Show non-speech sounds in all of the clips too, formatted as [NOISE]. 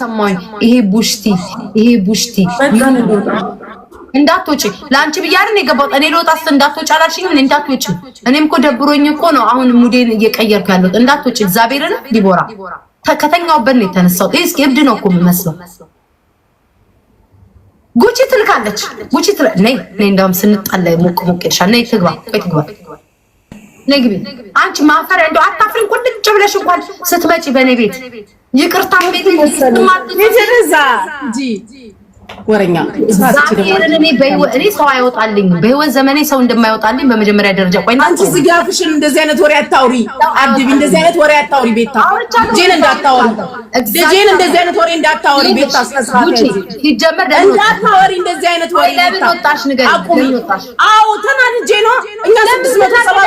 ሰማኝ። ይሄ ቡሽቲ ይሄ ቡሽቲ እንዳትወጪ ለአንቺ ብያለሁ ነው የገባሁት። እኔ ልወጣ እንዳትወጪ አላልሽኝም? እንዳትወጪ። እኔም እኮ ደብሮኝ እኮ ነው አሁን ሙዴን እየቀየርኩ ያለሁት። እንዳትወጪ። እግዚአብሔርን ዲቦራ ከተኛሁበት ነው የተነሳሁት። እስኪ እብድ ነው እኮ የምመስለው። ጉቺ ትልካለች። ጉቺ ትል ነይ ነይ፣ እንደውም ስንጣላ ሞቅ ሞቅ ይልሻል። ነይ ትግባ፣ ቆይ ትግባ፣ ነይ ግቢ። አንቺ ማፈሪያ እንደው አታፍሪም? ቁልጭ ብለሽ እንኳን ስትመጪ በእኔ ቤት ይቅርታ ቤት ወረኛ እኔ ሰው አይወጣልኝ። በህይወት ዘመኔ ሰው እንደማይወጣልኝ በመጀመሪያ ደረጃ ቆይ፣ አንቺ ዝጋፍሽን እንደዚህ አይነት ወሬ አታውሪ፣ አድቢ እንደዚህ አይነት ወሬ አታውሪ። ቤታ ጄን እንዳታወሪ፣ ጄን እንደዚህ አይነት ወሬ እንዳታወሪ። ቤታ ሲጀመር እንዳታወሪ እንደዚህ አይነት ወሬ። አቁሚ። አዎ ተናድጄ ነው እኛ ስድስት መቶ ሰባ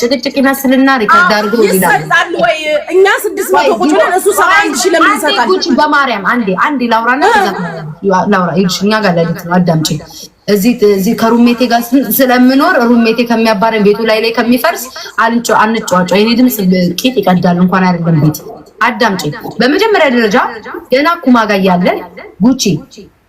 ጭቅጭቅ ይመስልና ይሰጣል በማርያም አንዴ አንዴ ላውራና እዚህ ከሩሜቴ ጋር ስለምኖር ሩሜቴ ከሚያባረን ቤቱ ላይ ላይ ከሚፈርስ አንጮ አንጫዋጫ የኔ ድምፅ ቂጥ ይቀዳል። እንኳን አይደለም ቤት አዳምጪ። በመጀመሪያ ደረጃ ገና ኩማ ጋር ያለን ጉቺ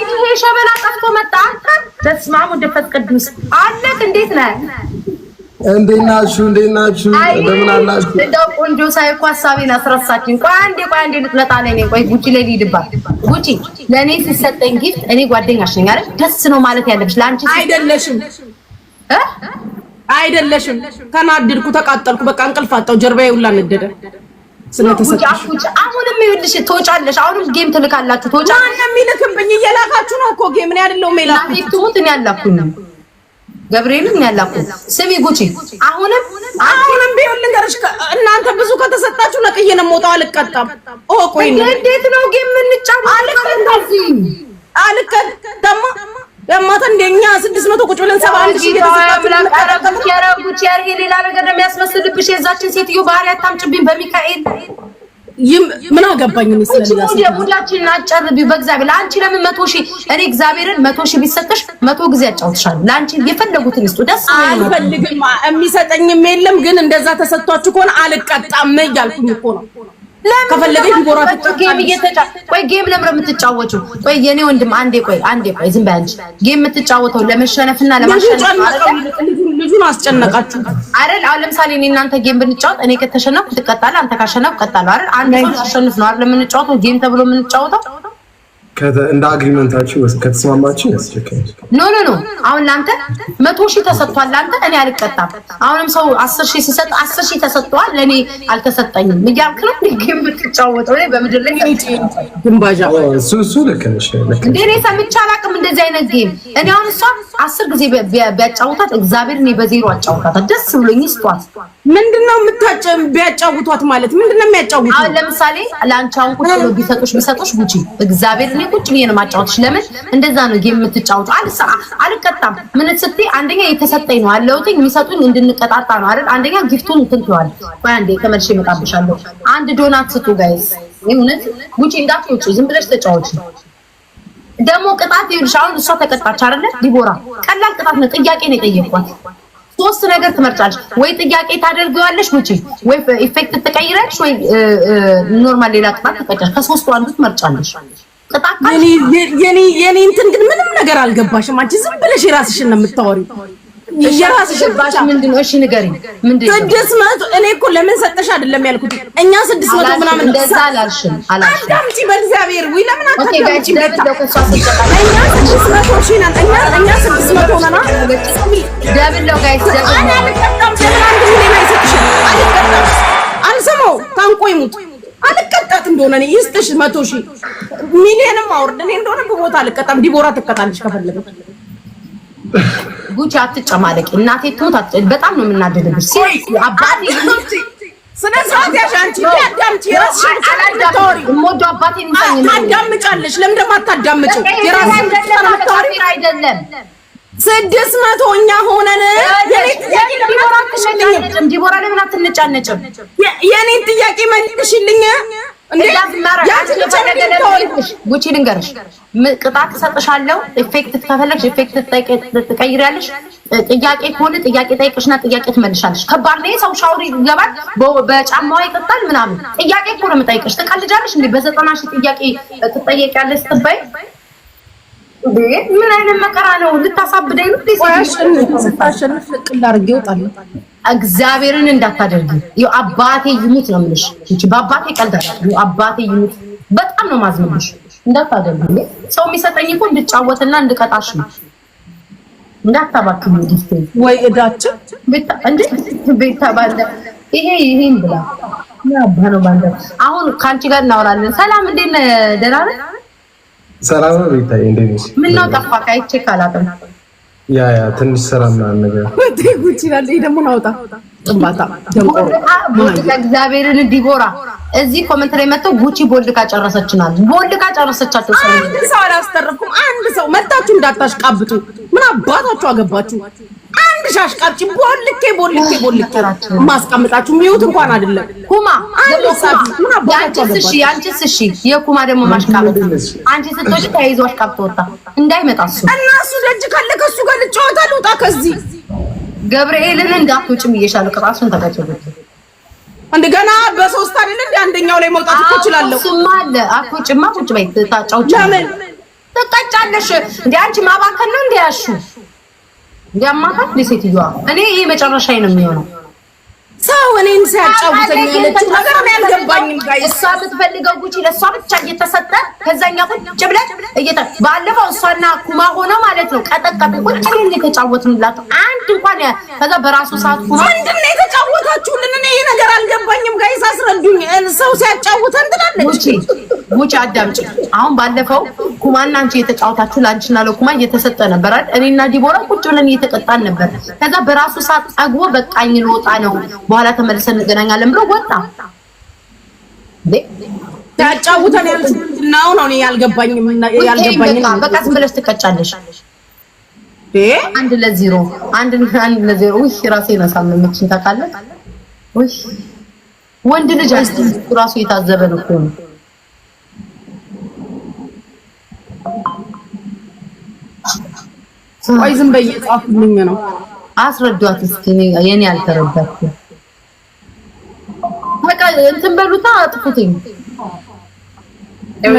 ይሄ ሸበላ ጠፍቶ መጣ። አንተ በስመ አብ ወመንፈስ ቅዱስ አለክ። እንዴት ነህ? እንዴት ናችሁ? እንዴት ናችሁ? እንደምን አላችሁ? እንደው ቆንጆ ሳይ እኮ ሀሳቤን አስረሳችኝ። ቆይ አንዴ ቆይ አንዴ ልትመጣ ላይ ነኝ። ቆይ ጉቺ ላይ ልሂድባት። ጉቺ ለእኔ ሲሰጠኝ ጊፍት እኔ ጓደኛሽ ነኝ አይደል? ደስ ነው ማለት ያለብሽ። ለአንቺ አይደለሽም አይደለሽም። ተናድድኩ፣ ተቃጠልኩ፣ በቃ እንቅልፍ አጣሁ። ጀርባዬ ሁላ ነደደ። አሁንም ይኸውልሽ ትወጫለሽ። አሁንም ጌም ትልካላችሁ። ትወጫለሽ። ማነው የሚልክብኝ? እየላካችሁ ነው እኮ ጌም። እኔ አይደለሁም የላኩት። ትሙት እኔ አላኩኝ። ገብርኤልን እኔ አላኩኝ። ስሚ ጉቺ፣ አሁንም አሁንም ቢሆን ልንገርሽ፣ እናንተ ብዙ ከተሰጣችሁ ነቅዬ ነው የምወጣው። አልቀጣም። ኦ ቆይ እንዴት ነው ጌም የምንጫወተው? አልቀጣም። አልቀጣም ለማታ እንደኛ 600 ቁጭ ብለን 71 ሺህ ያረጉት ያርሄ ሌላ ነገር ነው የሚያስመስልብሽ። የዛችን ሴትዮ ባህሪ አታምጭብኝ። በሚካኤል ምን አገባኝ ነው ስለላ ሁላችንን አጨርቢ። በእግዚአብሔር ለአንቺ ለምን መቶ ሺህ እኔ እግዚአብሔርን መቶ ሺህ ቢሰጥሽ መቶ ጊዜ አጫውትሻለሁ። ለአንቺ የፈለጉትን ይስጡ። ደስ አልፈልግም። የሚሰጠኝም የለም ግን እንደዛ ተሰጥቷችሁ ከሆነ አልቀጣም እያልኩኝ እኮ ነው ከፈለገች ሊቦራ ጌም ቆይ ጌም ለምን የምትጫወቹ? ቆይ የኔ ወንድም አንዴ ቆይ አንዴ ቆይ ዝም በይ አንቺ። ጌም የምትጫወተው ለመሸነፍና ለማሸነፍ ልጁን አስጨነቃችሁ አይደል? አሁን ለምሳሌ እኔ እናንተ ጌም ብንጫወት እኔ ከተሸነፍኩ ትቀጣለህ፣ አንተ ካሸነፍክ እቀጣለሁ አይደል? አንድ ሰው ነው አይደል የምንጫወተው ጌም ተብሎ የምንጫወተው እንደ አግሪመንታችን ከተስማማችን ኖ ኖ ኖ አሁን ለአንተ መቶ ሺህ ተሰጥቷል። ለአንተ እኔ አልቀጣም። አሁንም ሰው አስር ሺህ ሲሰጥ አስር ሺህ ተሰጥቷል፣ ለእኔ አልተሰጠኝም እያልክ ነው የምትጫወተው በምድር ላይ ግንባዣ። እሱ እሱ ልክ ነሽ። እንደ እኔ ሰምቼ አላውቅም እንደዚህ አይነት ጌም። እኔ አሁን እሷ አስር ጊዜ ቢያጫውታት እግዚአብሔር እኔ በዜሮ አጫውታታል። ደስ ብሎኝ ስጧት። ምንድነው የምታጨ ቢያጫውቷት ማለት ምንድነው የሚያጫውቱ አሁን ለምሳሌ ለአንቺ አሁን ቁጭ ብሎ ቢሰጡሽ ቢሰጡሽ ጉቺ እግዚአብሔር እኔ ቁጭ ብዬ ነው ማጫወትሽ። ለምን እንደዛ ነው ጌም የምትጫወቱ? አልቀጣም። ምን ስትይ አንደኛ የተሰጠኝ ነው አለውት የሚሰጡኝ እንድንቀጣጣ ነው አይደል? አንደኛ ጊፍቱን እንትንትዋል። ቆይ አንዴ ከመልሼ እመጣብሻለሁ። አንድ ዶናት ስጡ ጋይስ። እውነት ውጪ እንዳት ውጪ፣ ዝም ብለሽ ተጫወች ነው ደግሞ ቅጣት ይኸውልሽ፣ አሁን እሷ ተቀጣች አይደለ ዲቦራ? ቀላል ቅጣት ነው። ጥያቄ ነው የጠየኳት። ሶስት ነገር ትመርጫለሽ። ወይ ጥያቄ ታደርገዋለሽ ውጪ፣ ወይ ኢፌክት ትቀይራለሽ፣ ወይ ኖርማል ሌላ ቅጣት ትቀጫለሽ። ከሶስቱ አንዱ ትመርጫለሽ። የኔ እንትን ግን ምንም ነገር አልገባሽም። አንቺ ዝም ብለሽ የራስሽን ነው የምታወሪው። እኔ እኮ ለምን ሰጠሽ አይደለም ያልኩት። እኛ ስድስት መቶ ምናምን አዳምጪ በእግዚአብሔር ወይ ለምን አታዳምጪ? እኛ ስድስት መቶ ሺህ ነን። እኛ እኛ አልቀጣት እንደሆነ እኔ ይስጥሽ መቶ ሺህ ሚሊየንም አውርድ። እኔ እንደሆነ በቦታ አልቀጣም። ዲቦራ ትቀጣለች ከፈለገ ጉቺ አትጨማለቂ እናቴ ትሞት። በጣም ነው የምናደድብሽ። አባቴ ስነ ስርዓት ያሽ አንቺ ታዳምጪ፣ የራስሽን አታዳምጪ። እሞዶ አባቴ ታዳምጫለሽ። ለምን ደግሞ አታዳምጪ? የራስሽን አይደለም ስድስት መቶኛ ሆነን ዲቦራ ለምን አትነጫነጭም? የኔን ጥያቄ መልሽልኝ። ጉቺ ልንገርሽ፣ ቅጣት እሰጥሻለሁ። ኢፌክት ከፈለግሽ ኢፌክት ትቀይሪያለሽ። ጥያቄ ከሆነ ጥያቄ ጠይቅሽና ጥያቄ ትመልሻለሽ። ከባድ ነው። ሰው ይገባል፣ በጫማዋ ይጠጣል ምናምን። ጥያቄ ከሆነ የምጠይቅሽ ትቀልጃለሽ። እንደ በዘጠና ሺህ ጥያቄ ትጠየቂያለሽ ስትባይ ምን አይነት መከራ ነው? ልታሳብደኝ ነው? ስታሸንፍ ቅል አድርጌ እወጣለሁ። እግዚአብሔርን እንዳታደርጊ አባቴ ይሙት ነው የምልሽ። በአባቴ ቀልድ አባቴ ይሙት በጣም ነው ማዝመልሽ። እንዳታደርጊ ሰው የሚሰጠኝ እኮ እንድጫወትና እንድቀጣሽ ነው። እንዳታባክኝ ወይ እዳችን ይሄ ይሄን ብላ አሁን ከአንቺ ጋር እናወራለን። ሰላም እንዴት ነህ? ደህና ነህ? ሰላም ነው ቤታዬ፣ እንዴት ነሽ? ምነው ጠፋህ? አይቼ ካላቅም ያ ያ ትንሽ ስራ ምናምን ነገር ጉቺ ይላል። ይሄ ደግሞ ናውጣ ጥባታ እግዚአብሔርን ዲቦራ እዚህ ኮመንት ላይ መጥተው ጉቺ ቦልድ ካጨረሰችናል። ቦልድ ካጨረሰቻቸው አንድ ሰው አላስተረፍኩም። አንድ ሰው መታችሁ እንዳታሽቃብጡ ምን አባታችሁ አገባችሁ? ትንሽ አሽቃብጭም ቦልኬ ቦልኬ ቦልኬ ማስቀምጣችሁ ሚዩት እንኳን አይደለም። ኩማ አንድ ሰዓት ምን አባታችሁ እሺ፣ አንቺስ እሺ። የኩማ ደግሞ ማሽቃብጥ አንቺ ስትወጪ ተያይዞ አሽቃብጥ ወጣ እንዳይመጣ እሱ እና እሱ ደጅ ካለ ከሱ ጋር ልጫወታ ልውጣ ከዚህ ገብርኤልን እንዳትወጪ እየሻለ ቅጣቱን ተቀጭበት እንደገና በሶስት አይደል እንዴ አንደኛው ላይ መውጣት እኮ እችላለሁ። እሱማ አለ አኮ ጭማ ቁጭ በይ ታጫውጪ ለምን ትቀጫለሽ እንዴ አንቺ ማባከን ነው እንዴ ያልሺው ያማካል ለሴትዮዋ እኔ ይሄ መጨረሻ ነው የሚሆነው። ሰው እኔን ሲያጫውተኝ ያለች ነገር ነው ያልገባኝም። ጋር እሷ የምትፈልገው ጉቺ ለእሷ ብቻ እየተሰጠ ከዛኛ ቁጭ ብለን እየተ ባለፈው እሷና ኩማ ሆነ ማለት ነው ቀጠቀጥ ቁጭ ብለን የተጫወትንላት አንድ እንኳን ከዛ በራሱ ሰዓት ኩማ ምንድን ነው የተጫወታችሁልን? እኔ ይሄ ነገር አልገባኝም። ጋይ ሳስረዱኝ ሰው ሲያጫውተን ትላለች ጉጭ አዳምጭ አሁን ባለፈው ኩማና አንቺ የተጫወታችሁ ለአንቺና ለኩማ እየተሰጠ ነበር አይደል? እኔና ዲቦራ ቁጭ ብለን እየተቀጣን ነበር። ከዛ በራሱ ሰዓት ጠግቦ በቃኝ ልወጣ ነው፣ በኋላ ተመልሰን እንገናኛለን ብሎ ወጣ። ያጫውተን ያልሽናው ነው በቃ ዝም ብለሽ ትቀጫለሽ። አንድ ለዜሮ አንድ አንድ ለዜሮ። ውይ ታውቃለህ። ውይ ወንድ ልጅ አስቲ ራሱ የታዘበ ነው እኮ ነው ቆይ ዝም በይ ጻፉልኝ ነው። አስረዷት እስኪ የኔ አልተረዳኩም። በቃ እንትን በሉታ አጥፉትኝ። እኔ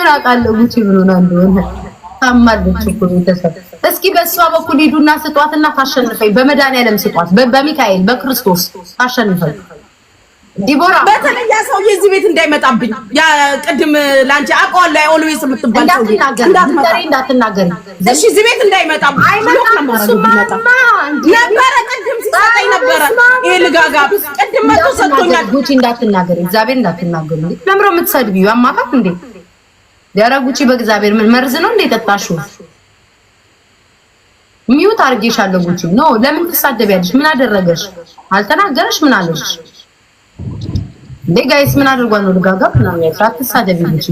ምን አውቃለሁ ጉቺ ብሎና እንደሆነ ታማለች እኮ ቤተሰብ። እስኪ በእሷ በኩል ሂዱና ስጧትና ታሸንፈኝ። በመድኃኒዓለም ስጧት፣ በሚካኤል በክርስቶስ ታሸንፈኝ። ዲቦራ በተለይ ያ ቤት እንዳይመጣብኝ። ያ ቅድም ላንቺ አውቀዋለሁ። ኦልዌይስ የምትባል እንዳትናገሪ፣ እሺ። እዚህ ቤት ነበረ ቅድም ሲሰጠኝ ነበረ። ይሄ ልጋጋ ቅድም ሰጥቶኛል። ጉቺ እንዳትናገሪ፣ እግዚአብሔር እንዳትናገሪ። ለምሮ አማካት እንዴ? ጉቺ በእግዚአብሔር ምን መርዝ ነው እንዴ አድርጌሻለሁ። ጉቺ ኖ ለምን ትሳደቢያለሽ? ምን አደረገሽ? አልተናገረሽ? ምን አለሽ? እንዴ ጋይስ ምን አድርጓ ነው ልጋጋ ምናምን ያልሽ አትሳደቢ እንጂ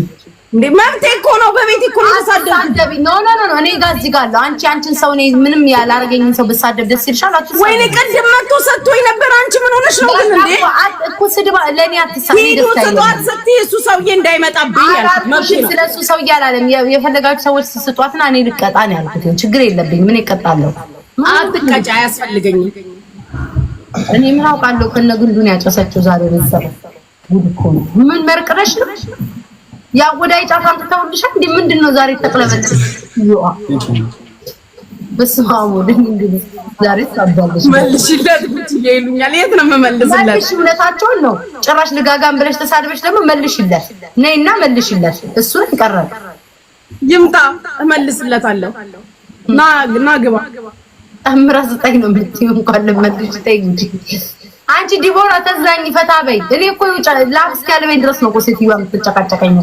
እንዴ መብቴ እኮ ነው በቤት እኮ ነው ተሳደቢ ኖ ኖ ኖ እኔ ጋር እዚህ ጋር አለው አንቺ አንቺን ሰው እኔ ምንም ያላረገኝን ሰው ብሳደብ ደስ ይልሻል አትሳደቢ ወይኔ ቅድም መጥቶ ሰጥቶኝ ነበር አንቺ ምን ሆነሽ ነው ግን እንዴ እኮ ስድባ ለእኔ አትሳደቢ ደስ ይላል ስጧት ስትይ እሱ ሰውዬ እንዳይመጣብኝ ያልኩት መብቴ ስለ እሱ ሰውዬ አላለም የፈለጋችሁ ሰዎች ስጧትና እኔ ልቀጣ ነው ያልኩት ችግር የለብኝ ምን ይቀጣለሁ አትቀጫ አያስፈልገኝም እኔ ምን አውቃለሁ። ከነግንዱን ያጨሰችው ዛሬ ቤተሰብ ጉድ እኮ ነው። ምን መርቅረሽ ነው ያ ያጎዳይ ጫፍ አምጥተውልሻል እንዴ? ምንድነው ዛሬ ተቅለበት ይዋ በስመ አብ ወወልድ እንግዲህ ዛሬ ታባለሽ መልሽለት ብቻ ይሉኛል። የት ነው የምመልስለት? መልሽ እውነታቸውን ነው። ጭራሽ ልጋጋም ብለሽ ተሳድበሽ ደግሞ መልሽለት፣ ነይና መልሽለት። እሱ ነው ይቀራል። ይምጣ እመልስለታለሁ። ና ና ግባ ጨምራ ስጠኝ ነው የምትይው። እንኳን ተይ እንጂ አንቺ ዲቦራ ተዛኝ ፈታ በይ። እኔ እኮ ይውጫ ላፍ እስኪያልበኝ ድረስ ነው ሴትዮዋ የምትጨቃጨቀኝ።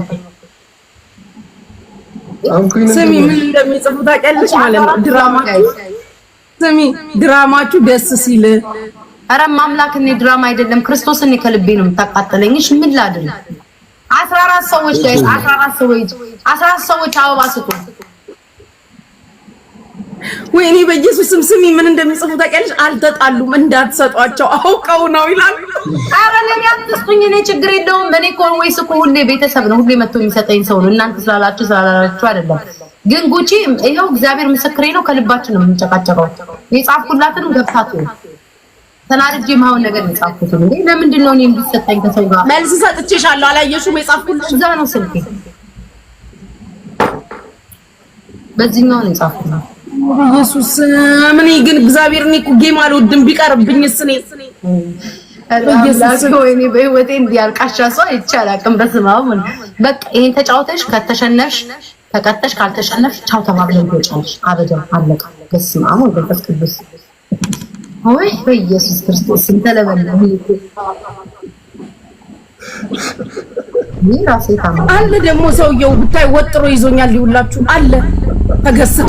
ስሚ ምን እንደሚጽፉ ታውቂያለሽ ማለት ነው። ድራማችሁ ስሚ ድራማችሁ ደስ ሲል ኧረ ማምላክ እኔ ድራማ አይደለም ክርስቶስ እኔ ከልቤ ነው የምታቃጠለኝ። እሺ ምን ላድርግ? አስራ አራት ሰዎች አስራ አራት ሰዎች አስራ አራት ሰዎች አበባ ስጡ። ወይኔ በየ ስም ስሚ፣ ምን እንደሚጽፉ ታውቂያለሽ? አልተጣሉም እንዳትሰጧቸው አውቀው ነው ይላል። ኧረ ለእኔ አትስጡኝ፣ እኔ ችግር የለውም። እኔ ኮንዌይስ እኮ ሁሌ ቤተሰብ ነው፣ ሁሌ መጥቶ የሚሰጠኝ ሰው ነው። እናንተ ስላላችሁ ስላላላችሁ አይደለም። ግን ጉቺ ይኸው እግዚአብሔር ምስክሬ ነው፣ ከልባችን ነው የምንጨቃጨቀው። የጻፍኩላትን ገብታት ነው ተናድጄ የማይሆን ነገር የጻፍኩት እንዴ! ለምንድን ነው እኔ እንዲሰጠኝ ከሰው ጋር መልስ ሰጥቼሻለሁ፣ አላየሽም? የጻፍኩልሽ እዛ ነው ስልኬ፣ በዚህኛው ነው የጻፍኩት ኢየሱስ ምን ግን እግዚአብሔር እኔ እኮ ጌም አልወድም። ቢቀርብኝስ እኔ ኢየሱስ ወይኔ በህይወቴ እንዲያልቃሻ ሰው አይቻላቅም። በስመ አብ በቃ ይሄን ተጫውተሽ ከተሸነፍሽ ተቀጠሽ፣ ካልተሸነፍሽ ቻው ተባብለን ይወጫልሽ። አበጃ አለቀ። በስመ አብ ቅዱስ ወይ በኢየሱስ ክርስቶስ እንተለበለ ይሄ ራሴ ታማ አለ ደግሞ ሰውየው ብታይ ወጥሮ ይዞኛል። ይውላችሁ አለ ተገስጦ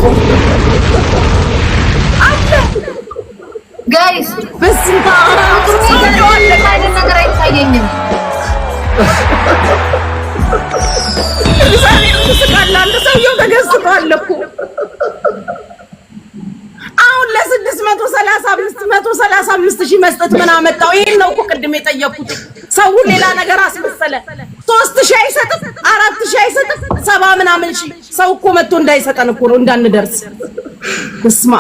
ጋይስ በስንታ አራቱ ሲገደዋል አይነት ነገር አይታየኝም። እግዚአብሔር ትስቃላለህ። ሰውየው ተገዝቷል እኮ አሁን ለስድስት መቶ ሰላሳ አምስት መቶ ሰላሳ አምስት ሺህ መስጠት ምን አመጣው? ይሄን ነው እኮ ቅድም የጠየኩት። ሰውን ሌላ ነገር አስመሰለ። ሶስት ሺህ አይሰጥም፣ አራት ሺህ አይሰጥም፣ ሰባ ምናምን ሺህ ሰው እኮ መጥቶ እንዳይሰጠን እኮ ነው እንዳንደርስ። እስማ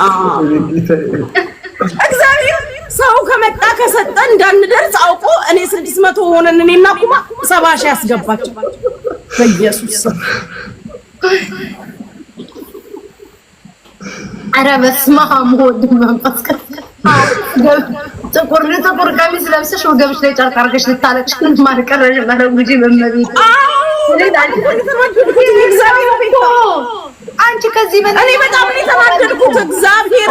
እግዚአብሔር ሰው ከመጣ ከሰጠ እንዳንደርስ አውቆ እኔ ስድስት መቶ ሆነን እና ቁማ ሰባ ሺህ ያስገባቸው በኢየሱስ አረ በስመ አብ ወወልድ ወመንፈስ ቅዱስ ጥቁር ጥቁር ቀሚስ ለብሰሽ ወገብሽ ላይ ጨርቅ አድርገሽ ልታለቅሽ ማልቀረሽ ማረ ጉጂ መመቤት አንቺ ከዚህ በላይ እኔ በጣም ነው የተናደድኩት። እግዚአብሔር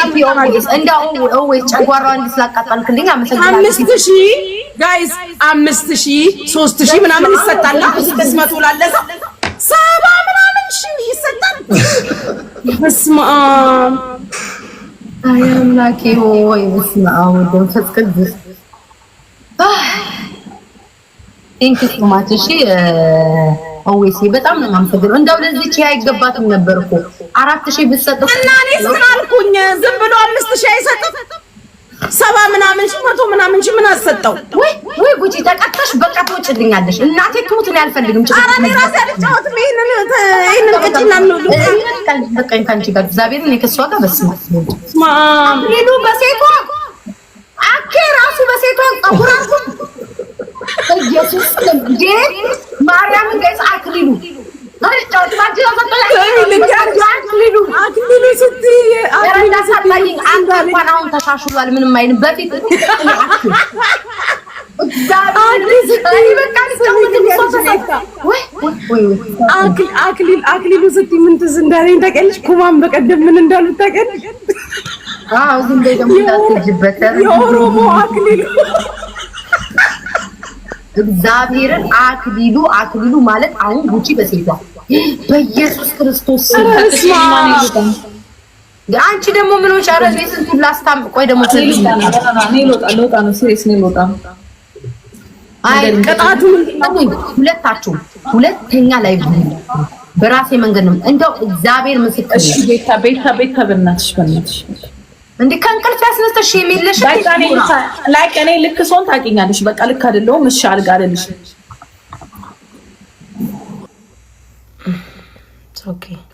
ነው እንደው ወይ ጨጓራ እንድስላቃጣልክልኝ አመሰግናለሁ። አምስት ሺ ጋይስ አምስት ሺ ሶስት ሺ ምናምን ይሰጣል። ስድስት መቶ ላለዘ ሰባ ምናምን ሺ ይሰጣል። በስመ አብ አይ አምላኬ ሆይ በስመ አብ ወመንፈስ ቅዱስ ቴንክ ዩ ማች። እሺ ኦዌሲ በጣም ነው የማመሰግነው። እንደው ለዚች አይገባትም ነበር እኮ አራት ሺህ ብትሰጥ እና እኔስ ምን አልኩኝ? ዝም ብሎ አምስት ሺህ አይሰጥም ሰባ ምናምን ሺ መቶ ምናምን ሺ ምን አሰጠው? ወይ ወይ ጉጂ ተቀጥተሽ በቃ ትወጪልኛለሽ። እናቴ ትሙት ነው አልፈልግም። ጭራሽ አረ ራሴ አልጫወትም። ይሄንን ይሄንን ቅጭና ነው ካንቺ ጋር ራሱ ኢየሱስ ማርያምን አክሊሉ አሁን ተሻሽሏል። ምንም አይልም። በፊት አክሊሉ ስትይ ምን ትዝ እንዳለኝ ታውቂያለሽ? ኩማን በቀደም ምን እንዳሉት ታውቂያለሽ? የኦሮሞ አክሊሉ እግዚአብሔርን አክሊሉ አክሊሉ ማለት አሁን ጉቺ በሴቷ [GASPS] በኢየሱስ ክርስቶስ አንቺ ደግሞ ምን ሆነሽ? ኧረ ስንቱን ላስታም። ቆይ ደግሞ ልወጣ ነው፣ ሲሪየስ ነው ልወጣ። አይ ቅጣቱ ሁለታችሁም ሁለተኛ ላይ በራሴ መንገድ ነው። እንደው እግዚአብሔር ምስክር። እሺ ቤታ ቤታ ቤታ፣ በእናትሽ በእናትሽ እንዴ ከእንቅልፍ ያስነስተሽ የሚለሽ ላይክ እኔ ልክ ሰውን ታውቂኛለሽ። በቃ ልክ አይደለሁም። እሺ አልጋ አይደለሽ okay